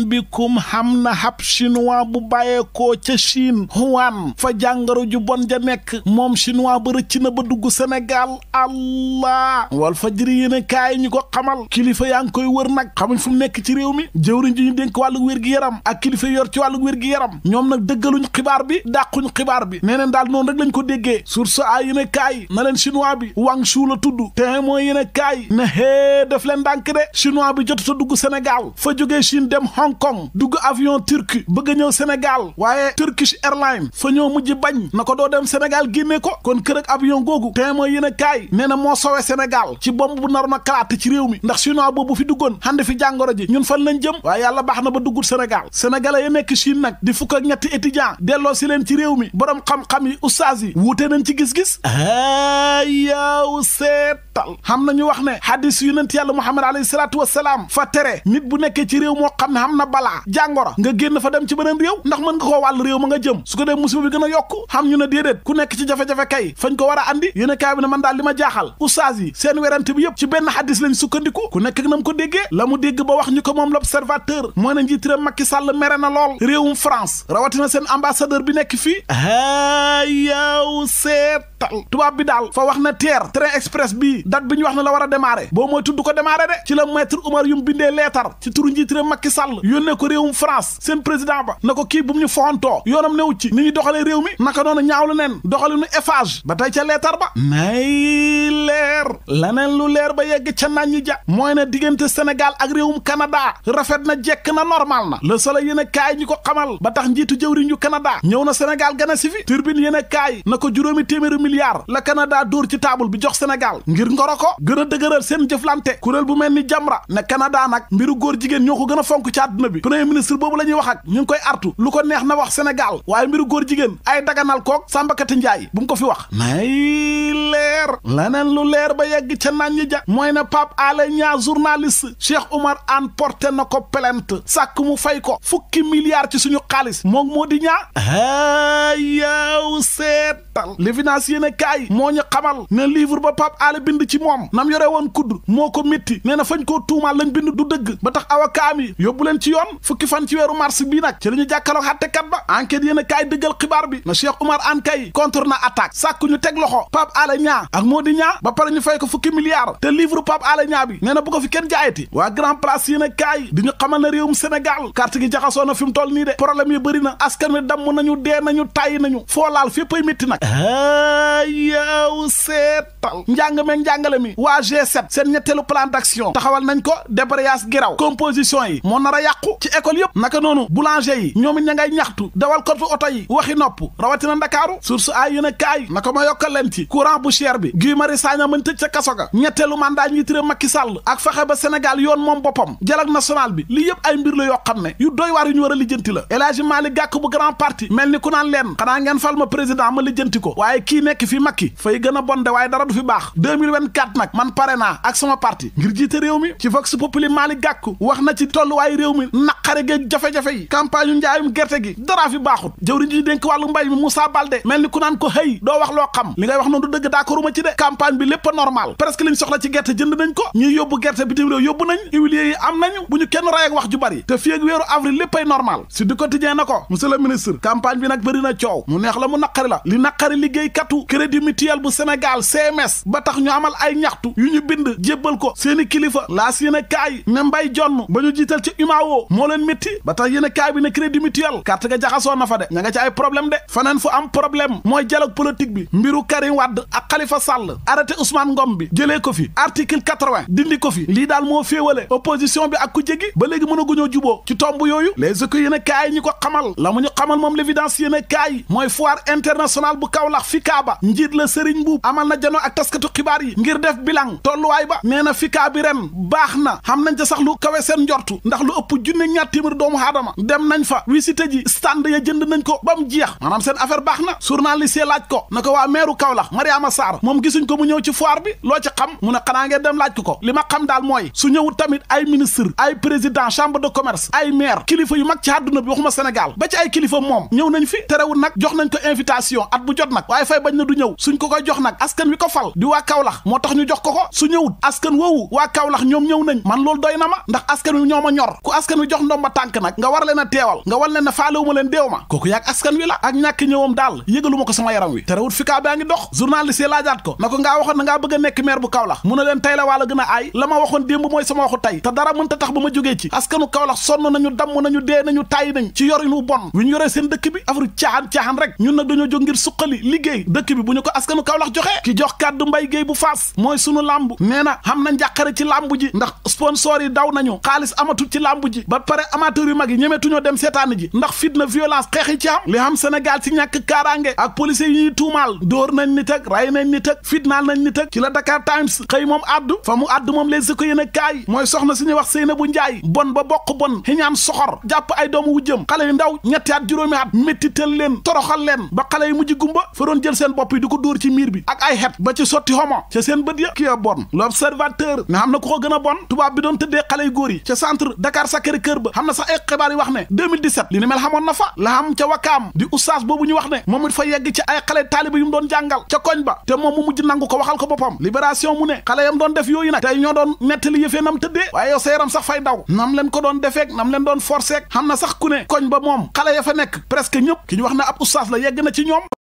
an bikum xam na hab chinois bu bàyyeekoo ca Chine Wuhan fa jàngaro ju bon ja nekk moom chinois ba rëcc na ba dugg Sénégal allah wal fa jëri yéen kaay ñu ko xamal kilifa yaa ngi koy wër nag xamuñ fu mu nekk ci réew mi jëwriñ ji ñu dénk wàllu wér gi yaram ak kilifa yor ci wàllu wér gi yaram ñoom nag dëggaluñ xibaar bi dàquñ xibaar bi nee neen daal noon rek lañ ko déggee source a yéen kaay na leen chinois bi wang chuu la tudd te mooy yéen kaay ne hee def leen ndànk de chinois bi dugg Sénégal Hong Kong dugg avion turc bëgg ñëw Sénégal waaye Turkish Airlines fa ñoo mujj bañ na ko doo dem Sénégal génne ko kon kër ak avion googu tey mooy na a kaay nee na moo sowe Sénégal ci bomb bu naroon a kalaat ci réew mi ndax chinois boobu fi duggoon xand fi jàngoro ji ñun fan lañ jëm waaye yàlla baax na ba duggut senegal sénégalais yi nekk Chine nag di fukk ak ñetti étudiant delloo si leen ci réew mi borom xam-xam yi ustaas yi wuute nañ ci gis-gis ayaw seetal na ñu wax ne hadis yu nent yàlla Muhammad alayhi salaatu wasalaam fa tere nit bu nekkee ci réew moo xam na balaa jàngoro nga génn fa dem ci beneen réew ndax mën nga koo wàll réew ma nga jëm su ko dee musiba bi gën a yokk xam ñu ne déedéet ku nekk ci jafe-jafe kay fañ ko war a andi yéen a kaay bi ne man daal li ma jaaxal oustaz yi seen werante bi yëpp ci benn xadis lañ sukkandiku ku nekk nam ko déggee la mu dégg ba wax ñu ko moom l'observateur mooy na njiit réew Macky Sall mere na lool réewum France rawatina seen ambassadeur bi nekk fii aa yow seet tal tubaab bi daal fa wax na teer train express bii date ñu wax na la war a démarrer boo mooy tudd ko démarrer de ci la maître Oumar Youm bindee leetar ci turu njiit réew Macky Sall yónnee ko réewum France seen président ba na ko kii bu mu ñu foxantoo yoonam newu ci ni ñu doxalee réew mi naka noonu ñaawlu neen doxalinu Eiffage ba tey ca leetar ba nay leer laneen lu leer ba yegg ca naan ñi ja mooy ne diggante Sénégal ak réewum Canada rafet na jekk na normal na Le Soleil yéen a kaay ñi ko xamal ba tax njiitu jëwriñ yu Canada ñëw na Sénégal gana si fi turbine yéen a kaay na ko juróomi téeméeri milliards la Canada dóor ci taabal bi jox Sénégal ngir ngoro ko gën a dëgëral seen jëflante kuréel bu mel ni Jamra ne Canada nag mbiru góor jigéen ñoo ko gën a fonk ci àdduna bi premier ministre boobu la ñuy wax ak ñu ngi koy artu lu ko neex na wax Sénégal waaye mbiru góor jigéen ay daganal koog sàmbakati njaay bu mu ko fi wax nay leer laneen lu leer ba yegg ca naan ñi ja mooy ne Pape Alé Niang journaliste Cheikh Oumar Anne porté na ko plainte sàkk mu fay ko fukki milliards ci suñu xaalis moom moo di ñaa yaw yéene kaay moo ñu xamal ne livre ba Pape Alé bind ci moom nam yore woon kudd moo ko métti nee na fañ koo tuumaal lañ bind du dëgg ba tax avocat yi yóbbu leen ci yoon fukki fan ci weeru mars bii nag ci la ñu jàkkaloo xattekat ba enquête yéene kaay dëggal xibaar bi na Cheikh Oumar Anne Kay contre na attaque sàkku ñu teg loxo Pape Alé Niang ak Mody Niang ba pare ñu fay ko fukki milliards te livre Pape Alé Niang bi nee na bu ko fi kenn jaayati waa grand place yéene ñu xamal ne réewum Sénégal carte gi jaxasoo na fi mu na yow seetal njàng meeg njàngale mi waa G7 seen ñetteelu plan d'action taxawal nañ ko débrayage giraw composition yi moo na a yàqu ci école yëpp naka noonu boulanger yi ñoom it ña ngay ñaxtu dawal kortu oto yi waxi nopp rawatina ndakaaru source ay yéen a kaay naka ma yokkal leen ci courant bu cher bi Guy Marius Sagna mën tëj ca kaso ga ñetteelu mandat ñi tëré Macky Sall ak fexe ba Sénégal yoon moom boppam dialogue national bi li yëpp ay mbir la yoo xam ne yu doy waar yu ñu war a la El Hadji Malick Gakou bu grand parti mel ni ku naan leen xanaa ngeen fal ko fekk fi Macky fay gën a bon de waaye dara du fi baax 2024 nag man pare naa ak sama parti ngir jiite réew mi ci vox populi Malick Gakou wax na ci tolluwaayu réew mi naqare geeg jafe-jafe yi campagne njaayum gerte gi daraa fi baaxut jëwriñ ji dénk wàllu mbay mi Moussa Baldé mel ni ku naan ko xëy doo wax loo xam li ngay wax noonu du dëgg d'accord ma ci de campagne bi lépp normal presque liñ soxla ci gerte jënd nañ ko ñuy yóbbu gerte bitim réew yóbbu nañ huiliers yi am nañu bu ñu kenn ray ak wax bari te fii ak weeru avril ko monsieur campagne bi nag bëri na coow mu la mu naqari la li naqari crédit mutuel bu senegal CMS ba tax ñu amal ay ñaxtu yu ñu bind jébbal ko seeni kilifa laas yéen a kaay ne mbay jonn ba ñu jiital ci umaawo moo leen métti ba tax yéen a bi ne crédit mutuel carte ga jaxasoo na fa de ña nga ci ay problème de faneen fu am problème mooy dialogue politique bi mbiru Karim Wade ak Khalifa Sall arrêté Ousmane Ngom bi jëlee ko fi article 80 dindi ko fi lii daal moo féewale opposition bi ak ku jégi ba léegi mën a guñoo juboo ci tomb yooyu les éco yéen a kaay ko xamal la mu ñu xamal moom l'évidence yéen mooy foire internationale bu Kaolack fi ba njiit la Serigne Mbuub amal na jano ak taskatu xibaar yi ngir def bilan tolluwaay ba nee na fikaa bi ren baax na xam nañ ca sax lu kawe seen njortu ndax lu ëpp junne ñaar téeméer doomu aadama dem nañ fa visite ji stand ya jënd nañ ko ba mu jeex maanaam seen affaire baax na journaliste yi laaj ko na ko waa meeru Kaolack Mariama saar moom gisuñ ko mu ñëw ci foire bi loo ci xam mu ne xanaa ngeen dem laaj ko ko li ma xam daal mooy su ñëwut tamit ay ministre ay président chambre de commerce ay maire kilifa yu mag ci àdduna bi waxuma Sénégal ba ci ay kilifa moom ñëw nañ fi terewul nag jox nañ ko invitation at jot nag ne du ñëw suñ ko koy jox nag askan wi ko fal di waa Kaolack moo tax ñu jox ko ko su ñëwut askan woowu waa Kaolack ñoom ñëw nañ man loolu doy na ma ndax askan wi ñoo ma ñor ku askan wi jox ndomba tànk nag nga war leen a teewal nga war leen a faalewu ma leen deew ma kooku yaag askan wi la ak ñàkk ñëwam daal yëgalu ko sama yaram wi terewut fi kaa ngi dox journaliste yi laajaat ko na ko ngaa waxoon na ngaa bëgg a nekk maire bu Kaolack mu ne leen tey la wàlla a aay la ma waxoon démb mooy sama waxu tey te dara mënta ba ma jógee ci askanu Kaolack sonn nañu damm nañu dee nañu tàyyi nañ ci yorin wu bon wi dëkk bi bu ñu ko askanu Kaolack joxe ki jox kàddu mbay géey bu faas mooy sunu làmb nee na xam na njàqare ci làmb ji ndax sponsor yi daw nañu xaalis amatul ci làmb ji ba pare amateur yu mag yi ñemetuñoo dem seetaan ji ndax fitna violence xeex yi ci am li xam Sénégal ci ñàkk kaaraange ak policiers yi ñuy tuumaal dóor nañ nit ak rey nañ nit ak fitnaal nañ nit ak ci la Dakar Times xëy moom addu fa mu addu moom les éco yéen a kaay mooy soxna suñuy wax yu ndaw ñetti at juróomi at méttital leen toroxal leen ba xale yu bopp di ko dóor ci miir bi ak ay xepp ba ci sotti homo ca seen bët ya ki ya bon l'observateur ne xam na ku ko gën a bon tubaab bi doon tëddee xale yu góor yi ca centre Dakar Sacré-Cœur ba xam na sax ay xibaar yi wax ne 2017 li ni mel xamoon na fa la xam ca wakaam di oustaz boobu ñu wax ne moom it fa yegg ci ay xale taaliba yu mu doon jàngal ca koñ ba te moom mu mujj nangu ko waxal ko boppam libération mu ne xale yam doon def yooyu nag tey ñoo doon nettali yëfee nam tëddee waaye yow ko doon defeek nam leen doon forcé xam na sax ku ne ba moom xale ya fa nekk presque ñëpp ki ñu wax na ab oustaz la yegg na